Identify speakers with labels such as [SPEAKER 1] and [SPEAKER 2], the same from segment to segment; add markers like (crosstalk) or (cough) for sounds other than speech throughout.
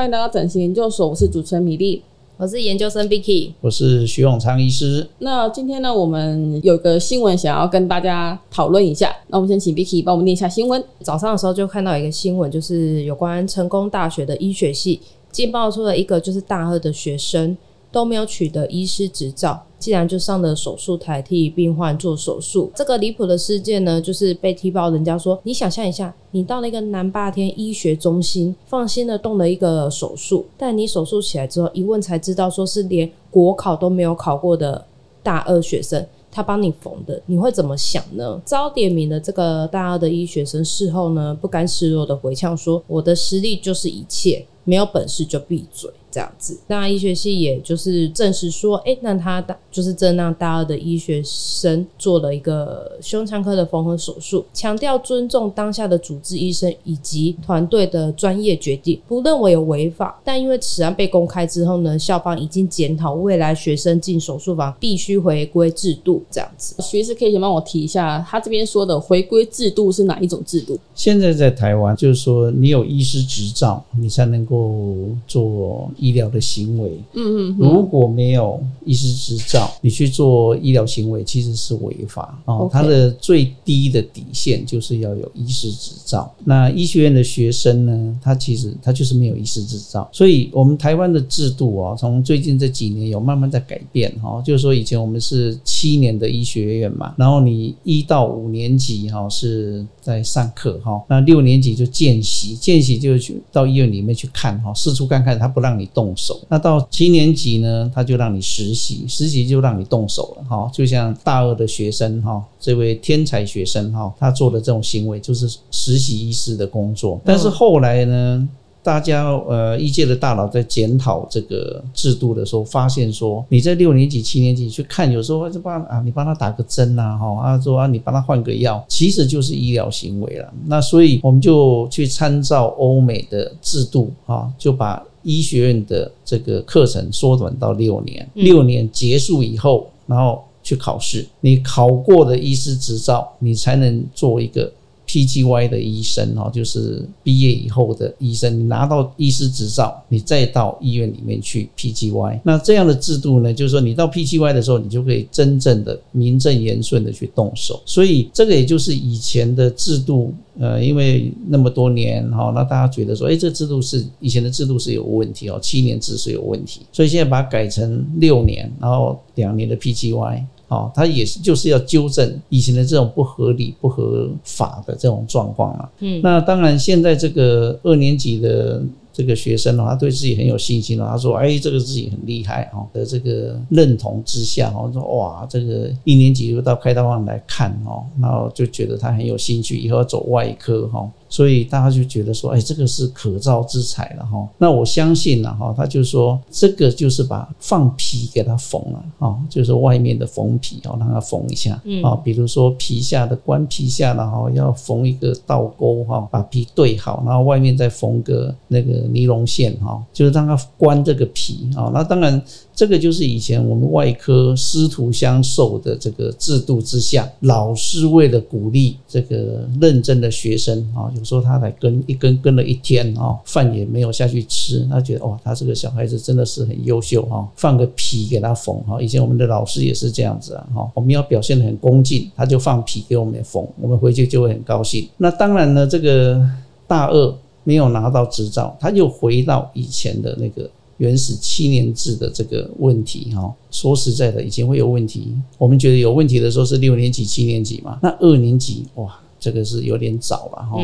[SPEAKER 1] 歡迎來到整形顏究所，我是主持人米粒，我是研究生 Vicky，
[SPEAKER 2] 我是徐永昌醫師。
[SPEAKER 1] 那今天呢，我們有一個新聞想要跟大家討論一下。那我們先請 Vicky 幫我們念一下新聞。早上的時候就看到一個新聞，就是有關成功大學的醫學系，竟爆出了一個就是大二的學生都沒有取得醫師執照。竟然就上了手術台替病患做手術，這個離譜的事件呢，就是被踢爆。人家說，你想象一下，你到那個南霸天醫學中心，放心的動了一個手術，但你手術起來之後一問才知道，說是連國考都沒有考過的大二學生，他幫你縫的，你會怎麼想呢？遭點名的這個大二的醫學生事後呢，不甘示弱的回嗆說：“我的實力就是一切，沒有本事就閉嘴。”這樣子，那醫學系也就是證實說，誒、欸、那他就是正讓大二的醫學生做了一個胸腔科的縫合手術，強調尊重當下的主治醫生以及團隊的專業決定，不認為有違法。但因為此案被公開之後呢，校方已經檢討未來學生進手術房必須回歸制度。這樣子，徐醫師可以先幫我提一下，他這邊說的回歸制度是哪一種制度？
[SPEAKER 2] 現在在台灣就是說，你有醫師執照，你才能夠做。醫療的行為，嗯嗯，如果沒有醫師執照，你去做醫療行為其實是違法。它的最低的底線就是要有醫師執照。那醫學院的學生呢，他其實他就是沒有醫師執照，所以我們台灣的制度啊，從最近這幾年有慢慢在改變哈，就是說以前我們是七年的醫學院嘛，然後你一到五年級哈是。在上課哈，那六年級就見習，見習就去到醫院裡面去看哈，四處看看，他不讓你動手。那到七年級呢，他就讓你實習，實習就讓你動手了哈。就像大二的學生哈，這位天才學生哈，他做的這種行為就是實習醫師的工作。但是後來呢，大家呃，醫界的大佬在檢討這個制度的時候，發現說你在六年級、七年級去看，有時候就幫啊，你幫他打個針吶，哈，啊，說啊，你幫他換個藥，其實就是醫療行為了。那所以我們就去參照歐美的制度，哈，就把醫學院的這個課程縮短到六年，嗯、六年結束以後，然後去考試，你考過的醫師執照，你才能做一個。P G Y 的醫生哈，就是畢業以後的醫生，你拿到醫師執照，你再到醫院裡面去 P G Y。那這樣的制度呢，就是說你到 P G Y 的時候，你就可以真正的名正言順的去動手。所以這個也就是以前的制度，呃，因為那麼多年哈，那大家覺得說，哎、欸，這制度是以前的制度是有問題哦，七年制是有問題，所以現在把它改成六年，然後兩年的 P G Y。哦，他也是就是要糾正以前的這種不合理、不合法的這種狀況了。嗯，那當然，現在這個二年級的這個學生呢、哦，他對自己很有信心了、哦。他說：“哎、欸，這個自己很厲害哦。”的這個認同之下哦，說：“哇，這個一年級又到開刀房來看哦，然後就覺得他很有興趣，以後要走外科哈、哦。”所以大家就覺得說，哎，這個是可造之材了哈、哦。那我相信了、啊、哈，他就說這個就是把放皮給他縫了啊、哦，就是外面的縫皮啊、哦，讓他縫一下啊、哦。比如說皮下的關皮下的哈，要縫一個倒鈎哈、哦，把皮對好，然後外面再縫個那個尼龍線哈、哦，就是讓它關這個皮啊、哦。那當然。這個就是以前我們外科師徒相授的這個制度之下，老師為了鼓勵這個認真的學生啊，有時候他來跟一跟跟了一天啊，飯也沒有下去吃，他覺得哇，他這個小孩子真的是很優秀哈，放個皮給他縫哈。以前我們的老師也是這樣子啊，哈，我們要表現得很恭敬，他就放皮給我們縫，我們回去就會很高興。那當然呢，這個大二沒有拿到執照，他就回到以前的那個。原始七年制的這個問題，哈，說實在的，以前會有問題。我們覺得有問題的時候是六年級、七年級嘛。那二年級，哇，這個是有點早了，哈。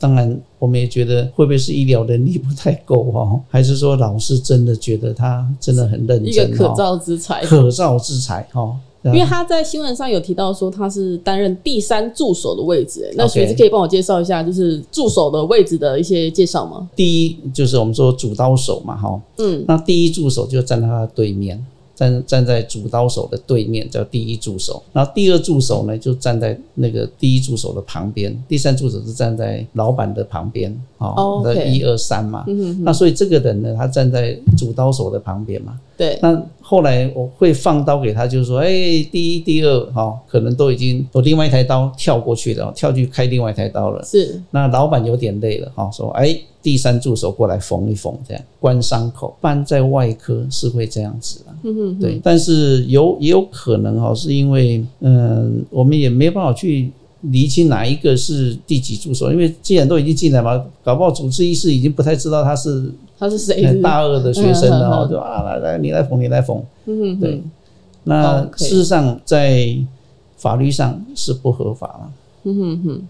[SPEAKER 2] 當然，我們也覺得會不會是醫療能力不太夠，哈，還是說老師真的覺得他真的很認真，哦，一個可造之才，可造之才，哈。因為他
[SPEAKER 1] 在新聞上有提到說他是擔任第三助手的位置。欸，那隨時可以幫我介紹一下就是助手的位置的一些介紹嗎？Okay,
[SPEAKER 2] 第一就是我們說主刀手嘛，哈，嗯，那第一助手就站在他的對面，站站在主刀手的對面叫第一助手，然後第二助手呢就站在那個第一助手的旁邊，第三助手是站在老板的旁邊，哦，那一二三嘛，嗯哼哼，那所以這個人呢，他站在主刀手的旁邊嘛。對，那後來我會放刀給他，就是說，哎，第一、第二，哈、哦，可能都已經有另外一台刀跳過去了，跳去開另外一台刀了。是，那老板有點累了，哈，說，哎，第三助手過來縫一縫，這樣關傷口，不然在外科是會這樣子的、啊。嗯嗯對，但是有也有可能哈、哦，是因為，嗯、呃，我們也沒辦法去。釐清哪一個是第幾助手，因為既然都已經進來嘛，搞不好主治醫師已經不太知道他是他是誰，大二的學生然後就啊，來來，你來縫，你來縫，嗯哼，對。那事實上，在法律上是不合法了，嗯
[SPEAKER 1] 哼哼。嗯哼哼嗯、哼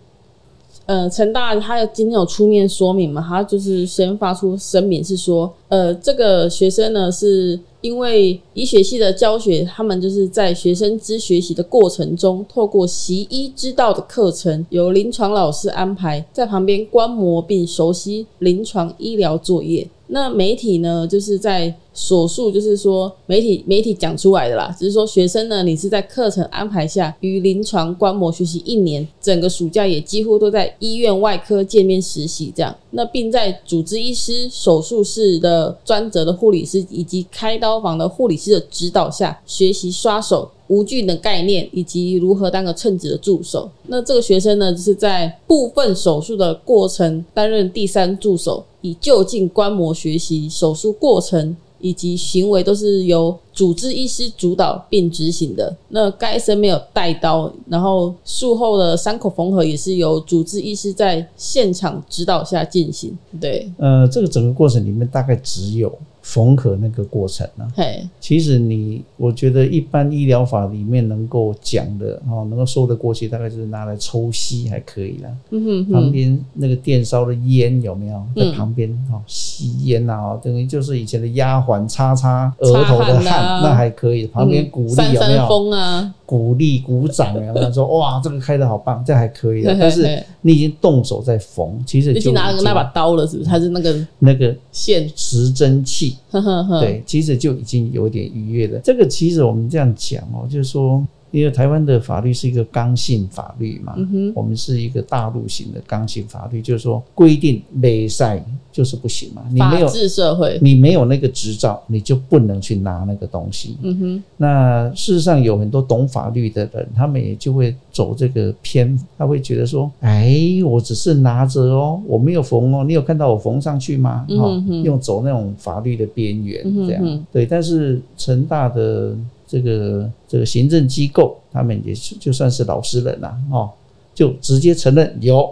[SPEAKER 1] 呃，陳大他今天有出面說明嘛，他就是先發出聲明是說，呃，這個學生呢是。因為醫學系的教學，他們就是在學生之學習的過程中，透過習醫之道的課程，由臨床老師安排，在旁邊觀摩並熟悉臨床醫療作業。那媒體呢，就是在手術，就是說媒體媒體講出來的啦，只，就是說學生呢，你是在課程安排下於臨床觀摩學習一年，整個暑假也幾乎都在醫院外科見面實習，這樣，那並在主治醫師、手術室的專責的護理師以及開刀房的護理師的指導下學習刷手。無菌的概念，以及如何當個稱職的助手。那這個學生呢，就是在部分手術的過程擔任第三助手，以就近觀摩學習手術過程，以及行為都是由。主治醫師主導並執行的，那該醫生沒有帶刀，然後術後的傷口縫合也是由主治醫師在現場指導下進行。對，
[SPEAKER 2] 呃，這個整個過程裡面大概只有縫合那個過程了，啊。嘿，其實你我覺得一般醫療法裡面能夠講的啊，喔，能夠說得過去，大概就是拿來抽吸還可以了。嗯哼，旁邊那個電燒的煙有沒有？在旁邊，嗯喔，啊，吸煙吶，等於就是以前的丫鬟擦擦額頭的汗。嗯、那還可以，旁邊鼓勵有沒有？鼓勵、鼓掌，然後他說，哇，這個開得好棒，這還可以的。但是你已經動手在縫，其實就已經拿那把
[SPEAKER 1] 刀了，是不是？還是那個那個線
[SPEAKER 2] 持針器？
[SPEAKER 1] 對，
[SPEAKER 2] 其實就已經有點愉悅的。這個其實我們這樣講哦，就是說。因為台灣的法律是一個剛性法律嘛，我們是一個大陸型的剛性法律，就是說規定沒塞就是不行嘛。法治社會，你沒有那個執照，你就不能去拿那個東西。那事實上有很多懂法律的人，他們也就會走這個偏，他會覺得說：哎，我只是拿着哦，我沒有縫哦，你有看到我縫上去嗎？哦，用走那種法律的邊緣這樣。對，但是成大的。這個這個行政機構，他們也就就算是老實人了，啊、哦，就直接承認有，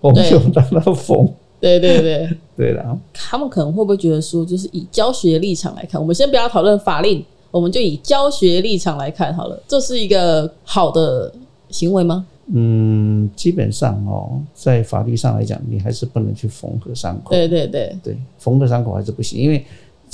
[SPEAKER 2] 我們就讓他縫，對對對 (laughs) 對的啦。
[SPEAKER 1] 他們可能會不會覺得說，就是以教學立場來看，我們先不要討論法令，我們就以教學立場來看好了，這是一個好的行為嗎？嗯，
[SPEAKER 2] 基本上哦，在法律上來講，你還是不能去縫合傷口。對對對對，對縫合傷口還是不行，因為。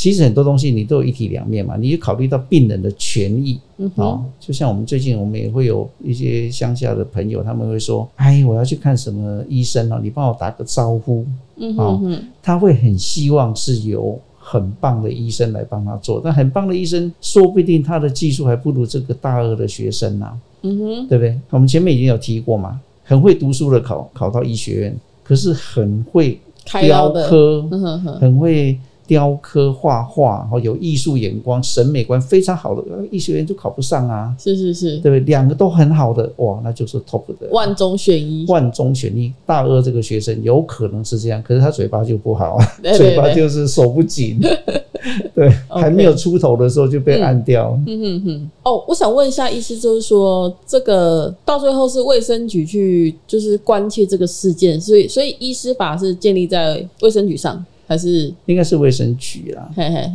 [SPEAKER 2] 其實很多東西你都有一體兩面嘛，你就考慮到病人的權益，嗯哼哦，就像我們最近，我們也會有一些鄉下的朋友，他們會說：“哎，我要去看什麼醫生哦，你幫我打個招呼。嗯哼哼哦”他會很希望是由很棒的醫生來幫他做。但很棒的醫生，說不定他的技術還不如這個大二的學生呢、啊。嗯
[SPEAKER 3] 哼，對
[SPEAKER 2] 不對？我們前面已經有提過嘛，很會讀書的考考到醫學院，可是很會雕刻，開嗯、哼哼很會。雕刻畫畫，然後有藝術眼光、審美觀非常好的藝術員就考不上啊！是是是，對，對不對？兩個都很好的哇，那就是 top 的、啊，萬中選一，萬中選一。大二這個學生有可能是這樣，可是他嘴巴就不好、啊，對對對，嘴巴就是手不緊，對，對，對，對 Okay 還沒有出頭的時候就被按掉。嗯，嗯
[SPEAKER 1] 哼哼、嗯。哦，我想問一下，意思就是說，這個到最後是衛生局去就是關切這個事件，所以所以醫師法是建立在衛生局上。
[SPEAKER 2] 還是應該是衛生局啦。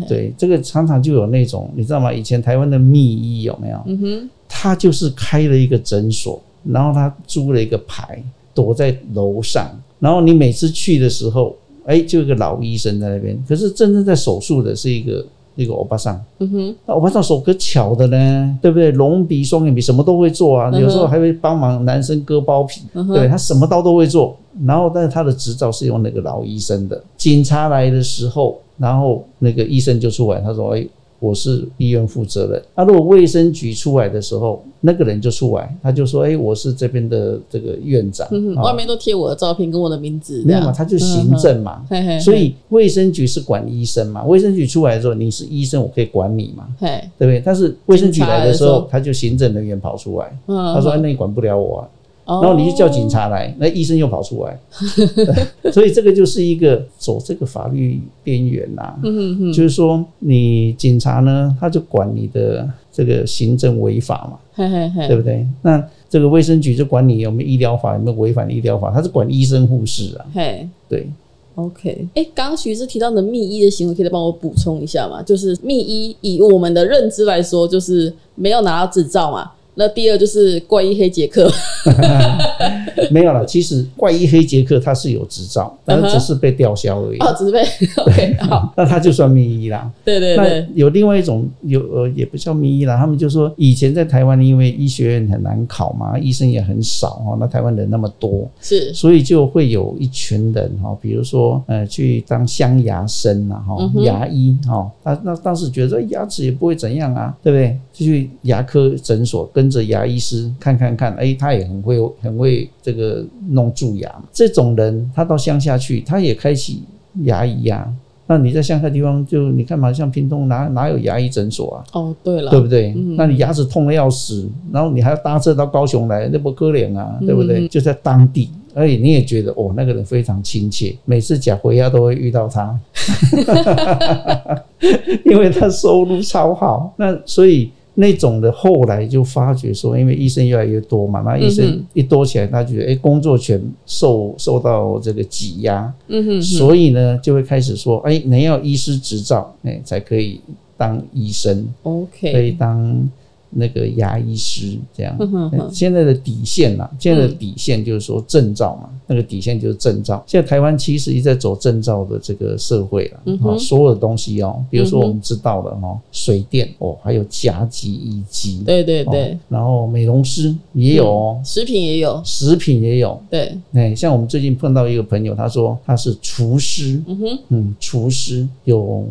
[SPEAKER 2] 對，這個常常就有那種，你知道嗎？以前台灣的密醫有沒有？嗯哼，他就是開了一個診所，然後他租了一個牌，躲在樓上，然後你每次去的時候，哎，就一個老醫生在那邊，可是真正在手術的是一個。那個歐巴桑，嗯哼，那歐巴桑手可巧的呢，對不對？隆鼻、雙眼皮什麼都會做啊，嗯哼，有時候還會幫忙男生割包皮，嗯哼，對他什麼刀都會做。然後，但是他的執照是用那個老醫生的。警察來的時候，然後那個醫生就出來，他說：“哎。”我是醫院負責人、啊。那如果衛生局出來的時候，那個人就出來，他就說：“哎，我是這邊的這個院長。”外面
[SPEAKER 1] 都貼我的照片跟我的名字，你知道嗎？他就行政嘛。所以
[SPEAKER 2] 衛生局是管醫生嘛？衛生局出來的時候，你是醫生，我可以管你嘛？對不對？但是衛生局來的時候，他就行政人員跑出來，他說，哎：“那你管不了我啊。”
[SPEAKER 1] 哦、然後你就叫警察
[SPEAKER 2] 來，那醫生又跑出來， (laughs) 所以這個就是一個走這個法律邊緣吶，嗯、哼哼就是說你警察呢，他就管你的這個行政違法嘛，嘿嘿嘿對不對？那這個衛生局就管你有沒有醫療法，有沒有違反醫療法，他是管醫生護士啊。嘿，對
[SPEAKER 1] ，OK，哎、欸，剛剛徐醫師提到的密醫的行為，可以再幫我補充一下嘛？就是密醫以我們的認知來說，就是沒有拿到執照嘛。那第二就是怪醫黑傑克，
[SPEAKER 2] (laughs) 沒有了。其實怪醫黑傑克他是有執照，但是只是被吊銷而已。哦、uh，huh. oh, 只是被 o 好。Okay, 對哦、那他就算密醫啦。對對對。那有另外一種有呃，也不叫密醫啦。他們就說以前在台灣，因為醫學院很難考嘛，醫生也很少哈、哦。那台灣人那麼多，是，所以就會有一群人哈、哦，比如說呃，去當鑲牙生吶哈，哦嗯、哼牙醫哈。他、哦、那,那當時覺得牙齒也不會怎樣啊，對不對？就去牙科診所跟跟着牙醫師看看看，哎、欸，他也很會很會這個弄蛀牙。這種人，他到鄉下去，他也開起牙醫啊。那你在鄉下地方，就你看嘛，像屏東哪哪有牙醫診所啊？哦，對了，對不對？嗯、那你牙齒痛得要死，然後你還要搭車到高雄來，那不可憐啊？對不對？嗯、就在當地，而且你也覺得哦，那個人非常親切，每次假回家都會遇到他， (laughs) (laughs) 因為他收入超好，那所以。那種的後來就發覺說，因為醫生越來越多嘛，那醫生一多起來，他覺得哎，工作權受受到這個擠壓，嗯哼，
[SPEAKER 3] 所以
[SPEAKER 2] 呢，就會開始說，哎，你要醫師執照，哎，才可以當醫生，OK，可以當。那個牙醫師這樣，現在的底線吶、啊，現在的底線就是說證照嘛，那個底線就是證照。現在台灣其實一直在走證照的這個社會啦，啊，所有的東西哦，比如說我們知道的哈、哦，水電哦，還有甲級乙級，對對對，然後美容師也有、哦，
[SPEAKER 1] 食品也有，
[SPEAKER 2] 食品也有，對，哎，像我們最近碰到一個朋友，他說他是廚師，嗯哼，嗯，廚師有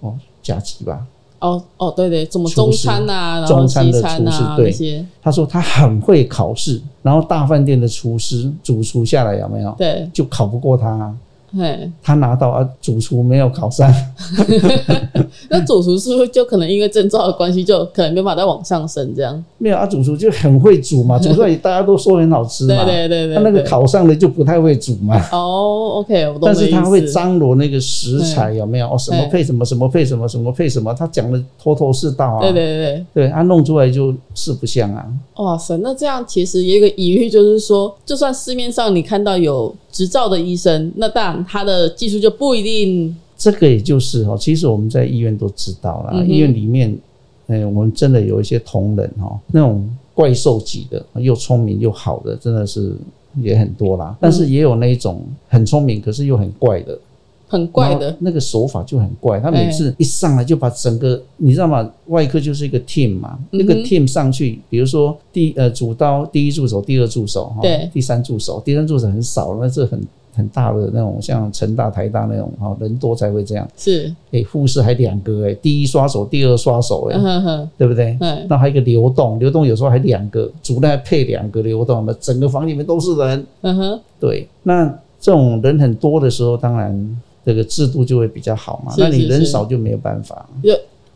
[SPEAKER 2] 哦甲級吧？
[SPEAKER 1] 哦哦，對對，怎麼中餐啊、啊，西餐啊、中餐的廚師，對，這些。
[SPEAKER 2] 他說他很會考試，然後大飯店的廚師、主廚下來有沒有？對，就考不過他、啊。哎，他拿到啊，主廚沒有考上。
[SPEAKER 1] (laughs) 那主廚是不是就可能因為證照的關係，就可能沒把它往上升這樣？
[SPEAKER 2] 沒有啊，主廚就很會煮嘛，煮出來大家都說很好吃嘛。 (laughs) 對對對，對，他那個考上了就不太會煮嘛。
[SPEAKER 1] 哦、oh，OK，我懂，但是他會張
[SPEAKER 2] 羅那個食材有沒有？哦，什麼配什麼，什麼配什麼，什麼配什麼，他講的頭頭是道啊。對，對對對，對他、啊、弄出來就四不像啊。
[SPEAKER 1] 哇塞，那這樣其實有一個疑慮就是說，就算市面上你看到有執照的醫生，那當然他的技術就不一定。
[SPEAKER 2] 這個也就是哈，其實我們在醫院都知道了，嗯嗯，醫院裡面，哎，我們真的有一些同仁哈，那種怪獸級的，又聰明又好的，真的是也很多啦。但是也有那一種很聰明，可是又很怪的。
[SPEAKER 1] 很怪的，
[SPEAKER 2] 那個手法就很怪。他每次一上來就把整個，欸、你知道嗎？外科就是一個 team 嘛，嗯、哼那個 team 上去，比如說第呃主刀、第，、呃、第一助手、第二助手哈，哦、對，第三助手，第三助手很少，那是很很大的那種，像成大、台大那種哈、哦，人多才會這樣。是，誒、欸，護士還兩個、欸，誒，第一刷手、第二刷手、欸，誒、嗯，對不對？嗯、哼那還有一個流動，流動有時候還兩個，主任還配兩個流動，那整個房裡面都是人。嗯哼，對，那這種人很多的時候，當然。這個制度就會比較好嘛？是是是那你人少就沒有辦法，
[SPEAKER 1] 就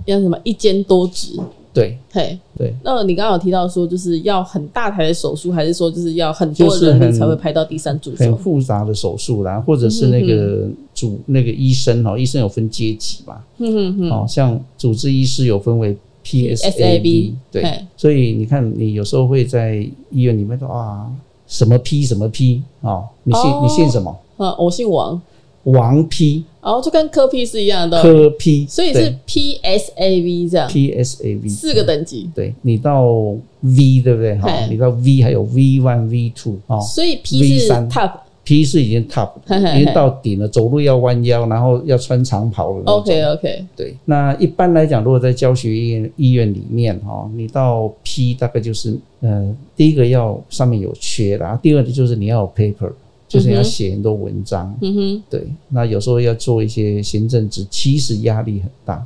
[SPEAKER 1] 要什麼一兼多職對，嘿，Hey, 對。那你剛剛有提到說，就是要很大台的手術，還是說就是要很多人才會排到第三組很？很
[SPEAKER 2] 複雜的手術，啦，或者是那個主、嗯、哼哼那個醫生哦，醫生有分階級嘛？嗯嗯嗯。哦，像主治醫師有分為 P S PS A B，Hey 對。所以你看，你有時候會在醫院裡面說啊，什麼 P 什麼 P 啊、喔？你姓、oh, 你姓什麼？
[SPEAKER 1] 啊，我姓王。王 P，然後、哦、就跟科 P 是一樣的，科
[SPEAKER 2] P P,，所以是
[SPEAKER 1] P S A V 這樣，P
[SPEAKER 2] S, 對 A V 四個等級，對，你到 V 對不對？哈嘿，你到 V 還有 V one V two 所以 P 是 V 3, top，P 是已經 top，已經到頂了，走路要彎腰，然後要穿長袍了。OK OK，對，那一般來講，如果在教學醫院醫院裡面哈，你到 P 大概就是呃，第一個要上面有缺，然後第二個就是你要有 paper。就是你要寫很多文章，嗯哼，對，那有時候要做一些行政職，其實壓力很大。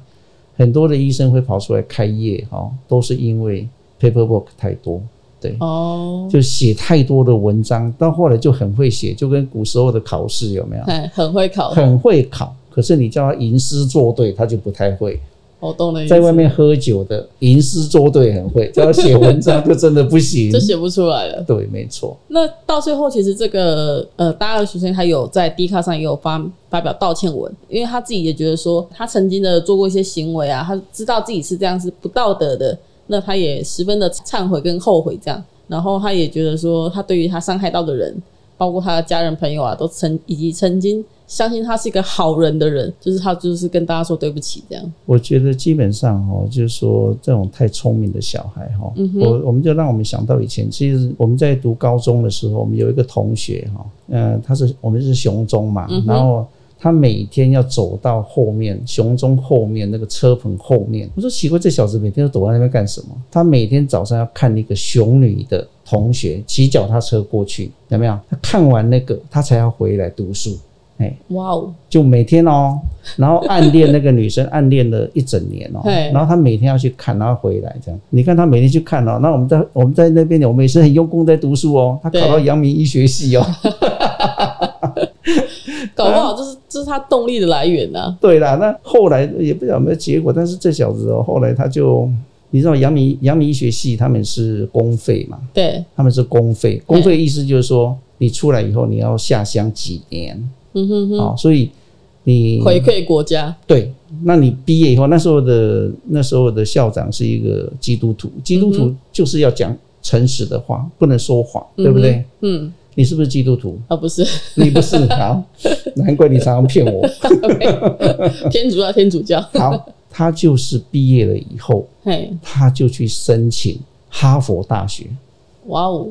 [SPEAKER 2] 很多的醫生會跑出來開業，哈，都是因為 paperwork 太多，對，哦，就寫太多的文章，到後來就很會寫，就跟古時候的考試有沒有？哎，
[SPEAKER 1] 很會考，很
[SPEAKER 2] 會考。可是你叫他吟詩作對，他就不太會。
[SPEAKER 1] 動在外面
[SPEAKER 2] 喝酒的吟詩作對很會，只要寫文章，就真的不行， (laughs) 就寫不出來了。對，沒錯。
[SPEAKER 1] 那到最後，其實這個呃，大二學生他有在 D 卡上也有發發表道歉文，因為他自己也覺得說，他曾經的做過一些行為啊，他知道自己是這樣是不道德的，那他也十分的懺悔跟後悔這樣，然後他也覺得說，他對於他傷害到的人，包括他的家人、朋友啊，都曾以及曾經相信他是一個好人的人，就是他就是跟大家說對不起這樣。
[SPEAKER 2] 我覺得基本上哈、喔，就是說這種太聰明的小孩哈、喔，嗯、哼我我們就讓我們想到以前，其實我們在讀高中的時候，我們有一個同學哈、喔，嗯、呃，他是我們是雄中嘛，嗯、哼然後。他每天要走到後面，雄中後面那個車棚後面。我說奇怪，這小子每天都躲在那邊幹什麼？他每天早上要看一個雄女的同學騎腳踏車過去，有沒有？他看完那個，他才要回來讀書。哎，哇哦！就每天哦，然後暗戀那個女生，暗戀了一整年哦。對。 (laughs) 然後他每天要去看，她回來這樣。你看他每天去看哦，那我們在我們在那邊，我們也是很用功在讀書哦。他考到陽明醫學系哦。對 (laughs)
[SPEAKER 1] 搞不好這是，啊，這是他動力的來源呢，啊。
[SPEAKER 2] 對啦，那後來也不知道有沒有結果，但是這小子哦，後來他就你知道，陽明、陽明醫學系他們是公費嘛。對，他們是公費，公費意思就是說，欸、你出來以後你要下鄉幾年。嗯哼
[SPEAKER 1] 哼。哦，
[SPEAKER 2] 所以你回饋國家。對，那你畢業以後，那時候的那時候的校長是一個基督徒，基督徒就是要講誠實的話，嗯，哼不能說謊，嗯，哼對不對？嗯。你是不是基督徒？啊，
[SPEAKER 1] 不是，你不是，好，
[SPEAKER 2] 難怪你常常騙我。
[SPEAKER 1] 天主教，天主教。好，
[SPEAKER 2] 他就是畢業了以後，嘿，他就去申請哈佛大學。
[SPEAKER 1] 哇哦，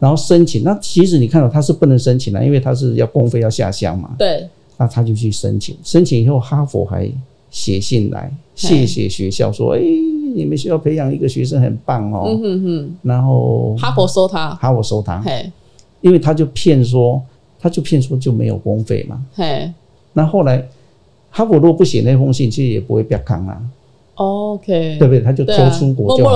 [SPEAKER 2] 然後申請，那其實你看到他是不能申請的，因為他是要公費要下鄉嘛。對，那他就去申請，申請以後哈佛還寫信來謝謝學校，說哎，你們學校培養一個學生很棒哦。然後哈
[SPEAKER 1] 佛收他，
[SPEAKER 2] 哈佛收他。因為他就騙說，他就騙說就沒有公費嘛。那 Hey. 後，後來哈佛若不寫那封信，其實也不會被坑啊。
[SPEAKER 1] Oh, OK，對不對？他就偷出國就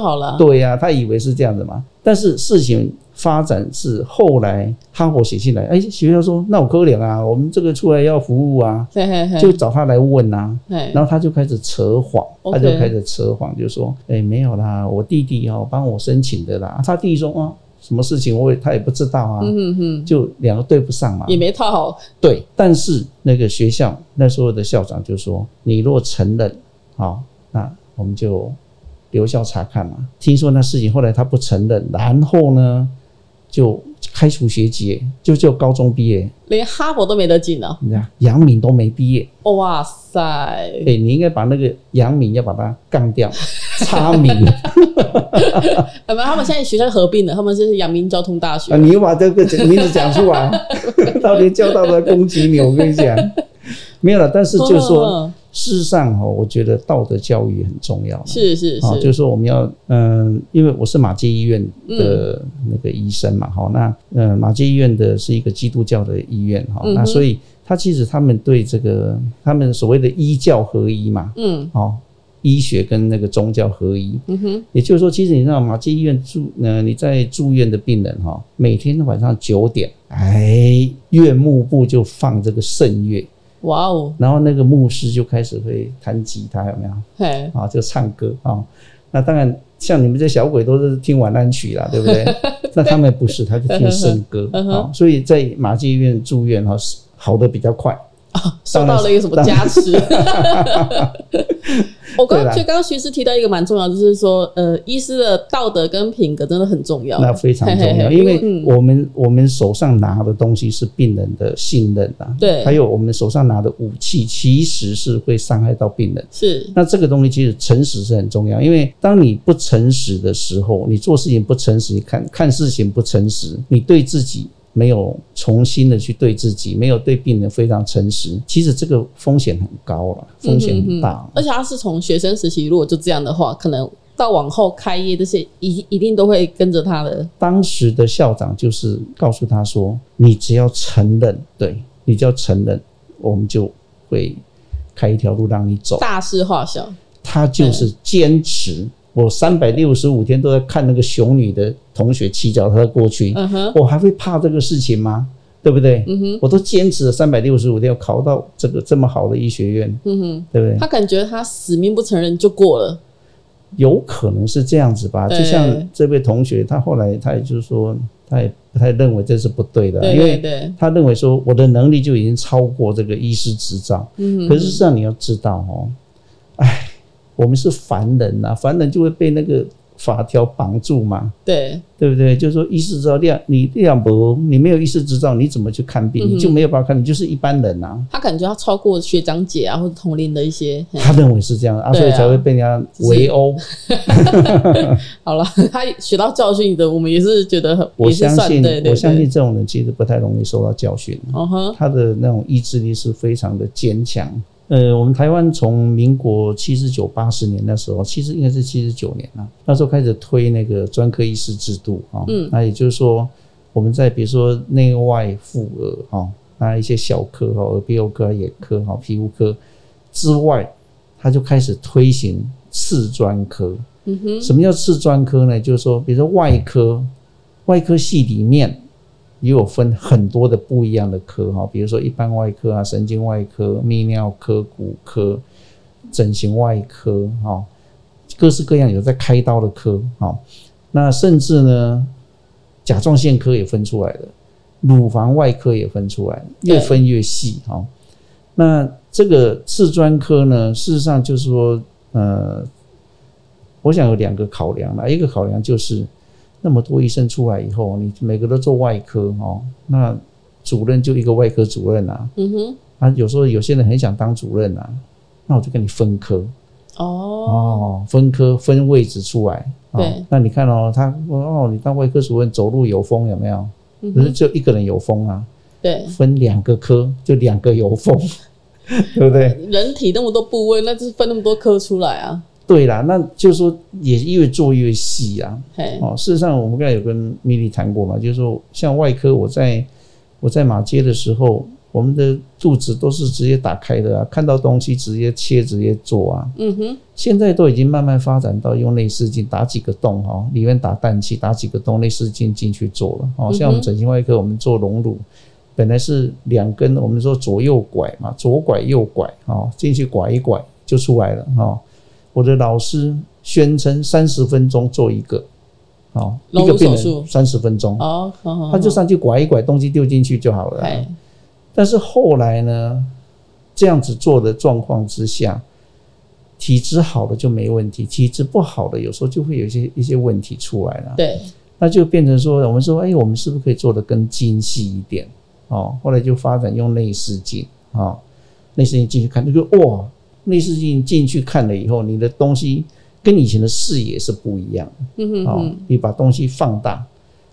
[SPEAKER 1] 好了，啊。對
[SPEAKER 2] 呀，啊啊啊，他以為是這樣子嘛。嗯、但是事情發展是後來哈佛寫信來，哎，學校說那我哥倆啊，我們這個出來要服務啊，hey,
[SPEAKER 1] hey,
[SPEAKER 3] hey. 就找
[SPEAKER 2] 他來問吶，啊。Hey. 然後他就開始扯謊，Okay. 他就開始扯謊，就說哎沒有啦，我弟弟哦幫我申請的啦，啊，他弟弟說啊。什麼事情我也他也不知道啊，嗯嗯，哼就兩個對不上嘛，也沒套好對。但是那個學校那時候的校長就說：“你若承認，好、哦，那我們就留校查看嘛。”聽說那事情後來他不承認，然後呢就開除學籍，就就高中畢業，
[SPEAKER 1] 連哈佛都沒得進了，
[SPEAKER 2] 你看陽明都沒畢業，
[SPEAKER 1] 哇塞！哎、欸，
[SPEAKER 2] 你應該把那個陽明要把他幹掉，擦明。 (laughs)
[SPEAKER 1] 哈哈哈哈哈！ (laughs) 他們現在學校合併了，他們是陽明交通大學。啊，你又把
[SPEAKER 2] 這個名字講出來， (laughs) 到底教導的攻擊，我跟你講，沒有了。但是就是說，呵呵呵事實上哈、喔，我覺得道德教育很重要，是是是。喔、就是說，我們要嗯、呃，因為我是馬偕醫院的那個醫生嘛，好、嗯喔，那嗯、呃，馬偕醫院的是一個基督教的醫院哈，喔嗯、哼那所以他其實他們對這個他們所謂的醫教合一嘛，嗯，好、喔。醫學跟那個宗教合一，嗯哼，也就是說，其實你知道，馬偕醫院住，你在住院的病人哈，每天晚上九點，哎，院牧部就放這個聖樂，哇哦，然後那個牧師就開始會彈吉他，有沒有？嘿，啊，就唱歌啊，那當然，像你們這小鬼都是聽晚安曲啦，對不對？ (laughs) 那他們不是，他就聽聖歌啊，所以在馬偕醫院住院哈，好得比較快。啊，受、哦、到了一個什麼加持？
[SPEAKER 1] 我剛才剛剛其實提到一個蠻重要，就是說，呃，醫師的道德跟品格真的很重要。那非常重要，因為我
[SPEAKER 2] 們我們手上拿的東西是病人的信任啊。對，還有我們手上拿的武器，其實是會傷害到病人。是，那這個東西其實誠實是很重要，因為當你不誠實的時候，你做事情不誠實，你看看事情不誠實，你對自己。沒有重新的去對自己，沒有對病人非常誠實，其實這個風險很高了，風險很大，嗯哼嗯哼。
[SPEAKER 1] 而且他是從學生時期，如果就這樣的話，可能到往後開業這些一一定都會跟着他的。當
[SPEAKER 2] 時的校長就是告訴他說：“你只要承認，對，你只要承認，我們就會開一條路讓你走。”大
[SPEAKER 1] 事化小，
[SPEAKER 2] 他就是堅持。嗯。我三百六十五天都在看那個熊女的同學，祈禱他過去，uh huh. 我還會怕這個事情嗎？對不對？Uh huh. 我都堅持了三百六十五天要考到這個這麼好的醫學院，uh huh. 對不對？他
[SPEAKER 1] 感覺他死命不承認就過了，
[SPEAKER 2] 有可能是這樣子吧。Uh huh. 就像這位同學，他後來他也就是說，他也不太認為這是不對的，uh huh. 因為他認為說我的能力就已經超過這個醫師執照。Uh huh. 可是實際上你要知道哦，哎。我們是凡人吶、啊，凡人就會被那個法條綁住嘛，對對不對？就是說，醫師執照量，你量不，你沒有醫師執照，你怎麼去看病？嗯、哼你就沒有辦法看，你就是一般人啊。
[SPEAKER 1] 他感覺他超過學長姐啊，或者同齡的一些，他
[SPEAKER 2] 認為是這樣啊,啊，所以才會被人家圍毆。
[SPEAKER 1] 好了，他學到教訓的，我們也是覺得很，我相信，對對對我相信
[SPEAKER 2] 這種人其實不太容易受到教訓。哼、uh，huh、他的那種意志力是非常的堅強。呃，我們台灣從民國七十九八十年的時候，其實應該是七十九年啊，那時候開始推那個專科醫師制度啊，哦嗯、那也就是說，我們在比如說內外婦兒啊、哦、那一些小科哈，耳鼻喉科、眼科哈、皮膚科之外，他就開始推行次專科。嗯
[SPEAKER 3] 哼，什麼
[SPEAKER 2] 叫次專科呢？就是說，比如說外科，外科系裡面。也有分很多的不一樣的科哈，比如說一般外科啊、神經外科、泌尿科、骨科、整形外科哈，各式各樣有在開刀的科哈。那甚至呢，甲狀腺科也分出來了，乳房外科也分出來，越分越細哈。那這個次專科呢，事實上就是說，呃，我想有兩個考量啦，一個考量就是。那麼多醫生出來以後，你每個都做外科哦，那主任就一個外科主任啊。嗯哼。啊，有時候有些人很想當主任啊，那我就跟你分科。哦。哦，分科分位置出來。對、哦。那你看哦，他哦，你當外科主任走路有風有沒有？嗯哼。可是，就一個人有風啊。對。分兩個科，就兩個有風，對不對？
[SPEAKER 1] (laughs) 人體那麼多部位，那就是分那麼多科出來啊。
[SPEAKER 2] 對啦，那就是說，也越做越細啊。Hey. 哦，事實上，我們剛才有跟 Mili 談過嘛，就是說，像外科，我在我在馬街的時候，我們的肚子都是直接打開的啊，看到東西直接切，直接做啊。嗯哼、mm，hmm. 現在都已經慢慢發展到用內視鏡打幾個洞哈、哦，裡面打氮氣，打幾個洞，內視鏡進去做了。哦，像我們整形外科，我們做隆乳，本來是兩根，我們說左右拐嘛，左拐右拐哈，進、哦、去拐一拐就出來了哈。哦我的老師宣稱三十分鐘做一個，哦，一個病人三十分鐘哦，他就上去拐一拐，東西丟進去就好了。但是後來呢，這樣子做的狀況之下，體質好了就沒問題，體質不好了，有時候就會有一些一些問題出來了。對。那就變成說，我們說，哎，我們是不是可以做得更精細一點？哦，後來就發展用內視鏡啊，內視鏡進去看，那就哇。內視鏡進去看了以後，你的東西跟以前的視野是不一樣的。嗯哦，你把東西放大，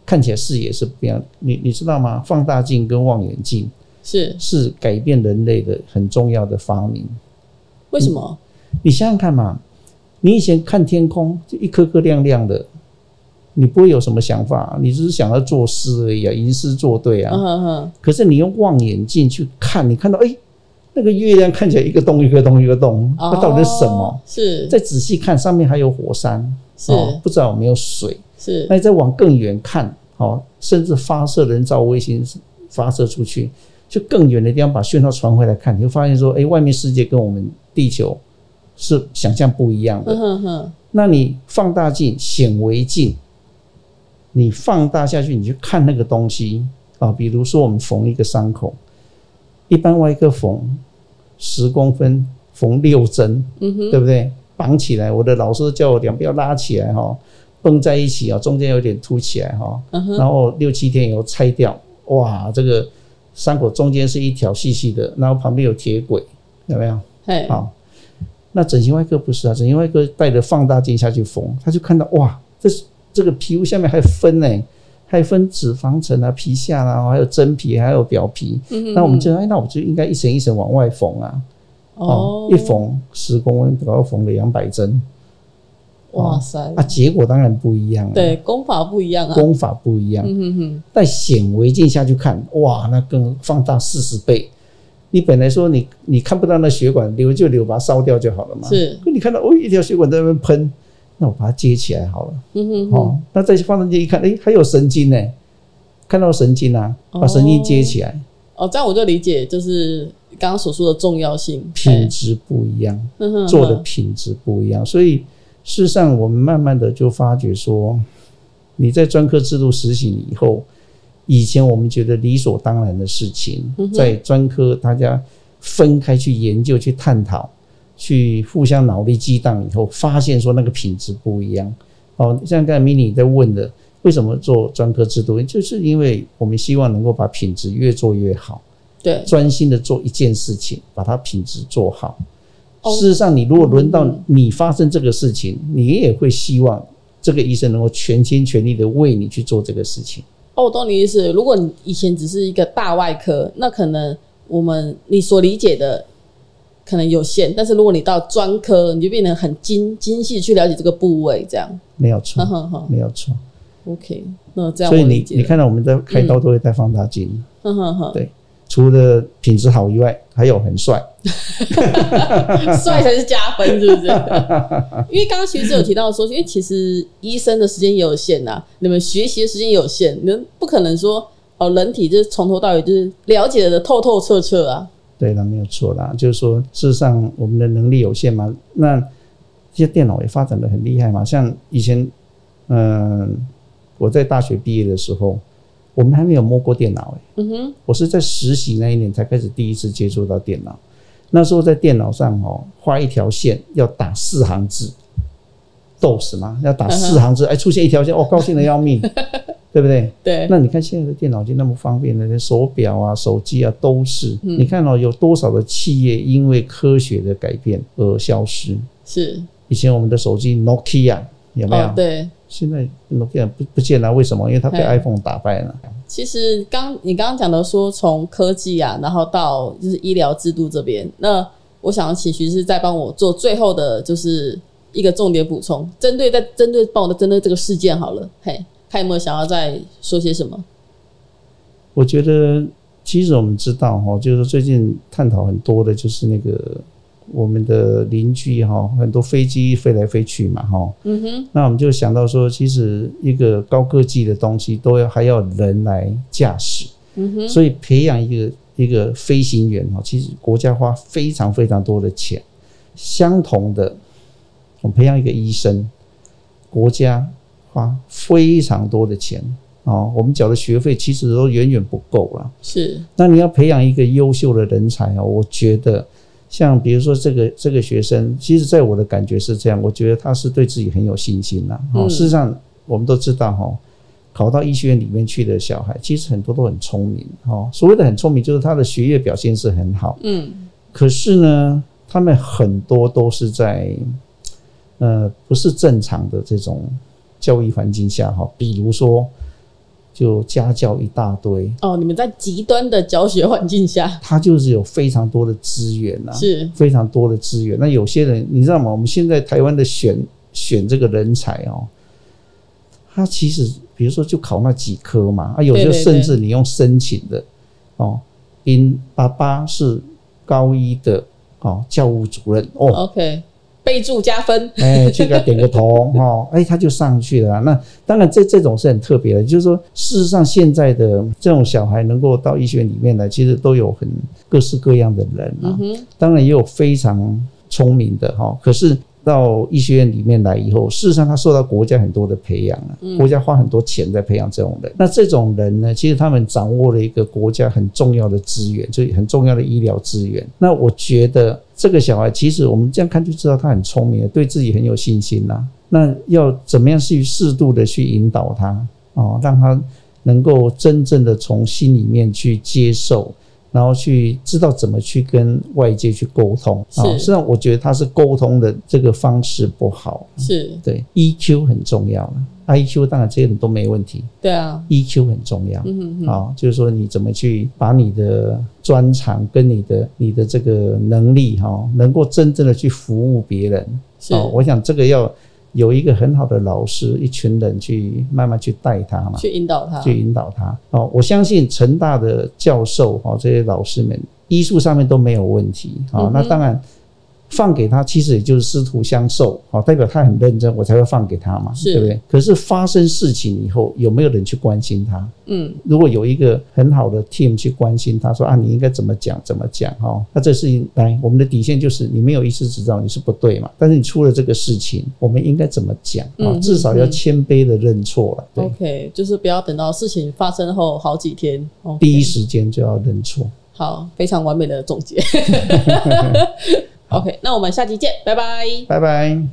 [SPEAKER 2] 看起來視野是不一樣。你你知道嗎？放大鏡跟望遠鏡是是改變人類的很重要的發明。為什麼？你想想看嘛，你以前看天空就一顆顆亮亮的，你不會有什麼想法、啊，你只是想要做詩而已啊，吟詩作對啊。可是你用望遠鏡去看，你看到哎，那個月亮看起來一個洞一個洞一個洞，那、哦啊、到底是什麼？是再仔細看上面還有火山，是、哦、不知道有沒有水。是那你再往更遠看，哦，甚至發射人造衛星發射出去，就更遠的地方把訊號傳回來看，看你會發現說，哎、欸，外面世界跟我們地球是想象不一樣的。呵呵。那你放大鏡、顯微鏡，你放大下去，你去看那個東西啊、哦，比如說我們縫一個傷口，一般外科縫。十公分縫六針，嗯、哼對不對？綁起來，我的老師叫我兩邊要拉起來哈，繃在一起啊，中間有點凸起來哈。然後六七天以後拆掉，哇，這個傷口中間是一條細細的，然後旁邊有鐵軌，有沒有？嘿好。那整形外科不是啊，整形外科帶着放大鏡下去縫，他就看到哇，這是這個皮膚下面還分呢、欸。還分脂肪層啊、皮下啦、啊，還有真皮，還有表皮。嗯哼嗯、那我們就哎，那我就應該一層一層往外縫啊。
[SPEAKER 1] 哦，哦、一
[SPEAKER 2] 縫十公分，搞要縫個兩百針。
[SPEAKER 1] 哇塞！那、啊、
[SPEAKER 2] 結果當然不一樣、啊。對，
[SPEAKER 1] 功法不一樣啊。功
[SPEAKER 2] 法不一樣、啊。啊、嗯哼嗯嗯。但顯微鏡下去看，哇，那更放大四十倍，你本來說你你看不到那血管，留就留，把它燒掉就好了嘛。是。可你看到哦，一條血管在那邊噴。那我把它接起來好了。嗯哼哼。哦，那再去放上去一看，哎、欸，還有神經呢，看到神經啊，把神經接起來。
[SPEAKER 1] 哦，哦，這樣我就理解，就是剛剛所說的重要性，
[SPEAKER 2] 品質不一樣，哎、做的品質不一樣。嗯、哼哼。所以事實上，我們慢慢的就發覺說，你在專科制度實行以後，以前我們覺得理所當然的事情，嗯、哼在專科大家分開去研究去探討。去互相腦力激盪以後，發現說那個品質不一樣哦。像剛才 Mini 在問的，為什麼做專科制度，就是因為我們希望能夠把品質越做越好。對，專心的做一件事情，把它品質做好。事實上，你如果輪到你發生這個事情，哦，你也會希望這個醫生能夠全心全力的為你去做這個事情。
[SPEAKER 1] 哦，我懂你的意思。如果你以前只是一個大外科，那可能我們你所理解的可能有限，但是如果你到專科，你就變得很精精細去了解這個部位，這樣沒有錯，uh huh huh. 沒有錯。OK，那這樣，所以你你看到
[SPEAKER 2] 我們在開刀都會帶放大鏡，uh huh huh. 對，除了品質好以外，還有很帥，帥 (laughs) 才
[SPEAKER 1] 是加分，是不
[SPEAKER 2] 是？ (laughs) 因
[SPEAKER 1] 為剛剛其實有提到說，因為其實醫生的時間也有限吶，啊，你們學習的時間有限，你們不可能說哦，人體就是從頭到尾就是了解的透透徹徹啊。
[SPEAKER 2] 對的，沒有錯啦，就是說，事實上我們的能力有限嘛。那，這些電腦也發展得很厲害嘛。像以前，嗯，我在大學畢業的時候，我們還沒有摸過電腦哎。嗯
[SPEAKER 3] 哼。
[SPEAKER 2] 我是在實習那一年才開始第一次接觸到電腦。那時候在電腦上哦，畫一條線要打四行字，逗死嘛！要打四行字，哎，出現一條線，哦，高興的要命。對不對？對，那你看現在的電腦就那麼方便，那些手錶啊、手機啊都是。嗯、你看哦，有多少的企業因為科學的改變而消失？
[SPEAKER 1] 是，
[SPEAKER 2] 以前我們的手機 Nokia、ok、有沒有？哦、對，現在 Nokia、ok、不不見了，為什麼？因為它被 iPhone 打敗了。
[SPEAKER 1] 其實剛你剛剛講的說，從科技啊，然後到就是醫療制度這邊，那我想請徐醫師再幫我做最後的就是一個重點補充，針對在針對幫我的針對這個事件好了，嘿。還有沒有想要再說些什麼？
[SPEAKER 2] 我覺得，其實我們知道哈，就是最近探討很多的，就是那個我們的鄰居哈，很多飛機飛來飛去嘛哈。嗯哼。那我們就想到說，其實一個高科技的東西都要還要人來駕駛。嗯哼。所以培養一個一個飛行員哈，其實國家花非常非常多的錢。相同的，我們培養一個醫生，國家。花非常多的錢哦，我們繳的學費其實都遠遠不夠了。是，那你要培養一個優秀的人才啊，我覺得像比如說這個這個學生，其實在我的感覺是這樣，我覺得他是對自己很有信心吶。哦，嗯，事實上我們都知道哈，考到醫學院裡面去的小孩，其實很多都很聰明。哦，所謂的很聰明，就是他的學業表現是很好。嗯，可是呢，他們很多都是在呃，不是正常的這種。教育環境下哈，比如說就家教一大堆
[SPEAKER 1] 哦。你們在極端的教學環境下，
[SPEAKER 2] 他就是有非常多的資源吶、啊，是非常多的資源。那有些人你知道嗎？我們現在台灣的選選這個人才哦，他其實比如說就考那幾科嘛，啊，有些甚至你用申請的對對對，哦。因為爸爸是高醫的哦，教務主任哦，OK。
[SPEAKER 1] 備註加分，哎，
[SPEAKER 2] 去給他點個頭哦， (laughs) 哎，他就上去了。那當然，這這種是很特別的，就是說，事實上現在的這種小孩能夠到醫學裡面來，其實都有很各式各樣的人啊。嗯、哼當然也有非常聰明的哈，可是。到醫學院裡面來以後，事實上他受到國家很多的培養啊，國家花很多錢在培養這種人。嗯、那這種人呢，其實他們掌握了一個國家很重要的資源，就是很重要的醫療資源。那我覺得這個小孩，其實我們這樣看就知道他很聰明，對自己很有信心吶、啊。那要怎麼樣去適度的去引導他啊、哦，讓他能夠真正的從心裡面去接受。然後去知道怎麼去跟外界去溝通啊，實際上是、哦、雖然我覺得他是溝通的這個方式不好，是，對，EQ 很重要，IQ 當然這些人都沒問題，對啊，EQ 很重要，啊、嗯哦，就是說你怎麼去把你的專長跟你的你的這個能力哈、哦，能夠真正的去服務別人，啊是、哦，我想這個要。有一個很好的老師，一群人去慢慢去帶他嘛，去引導他、啊，去引導他。我相信成大的教授哈，這些老師們醫術上面都沒有問題。啊、嗯哼，那當然。放給他，其實也就是師徒相授，好、哦，代表他很認真，我才會放給他嘛，是對不對？可是發生事情以後，有沒有人去關心他？
[SPEAKER 3] 嗯，
[SPEAKER 2] 如果有一個很好的 team 去關心他說，說啊，你應該怎麼講，怎麼講？哈、哦，那、啊、這事情，來，我們的底線就是，你沒有醫師執照，你是不對嘛，但是你出了這個事情，我們應該怎麼講、哦？至少要謙卑地認錯了。嗯嗯對 OK，
[SPEAKER 1] 就是不要等到事情發生後好幾天，okay、第
[SPEAKER 2] 一時間就要認錯。
[SPEAKER 1] 好，非常完美的總結。 (laughs) OK，好那我們下期見，拜拜，
[SPEAKER 2] 拜拜。